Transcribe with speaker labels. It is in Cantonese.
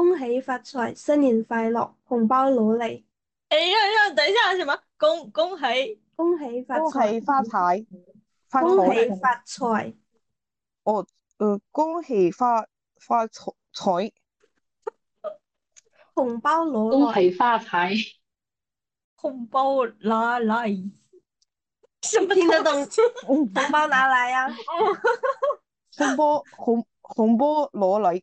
Speaker 1: 恭喜發財，新年快樂，紅包攞嚟！哎
Speaker 2: 呀呀，等一下，
Speaker 1: 什麼？恭
Speaker 2: 恭喜，恭喜發財，恭喜發財，發財恭喜發財。
Speaker 3: 哦，呃、嗯，恭喜發發財，財
Speaker 1: 紅包攞嚟。恭喜發財，紅包攞嚟。什麼聽得懂？ 紅包攞嚟呀！
Speaker 3: 紅包紅紅包攞嚟。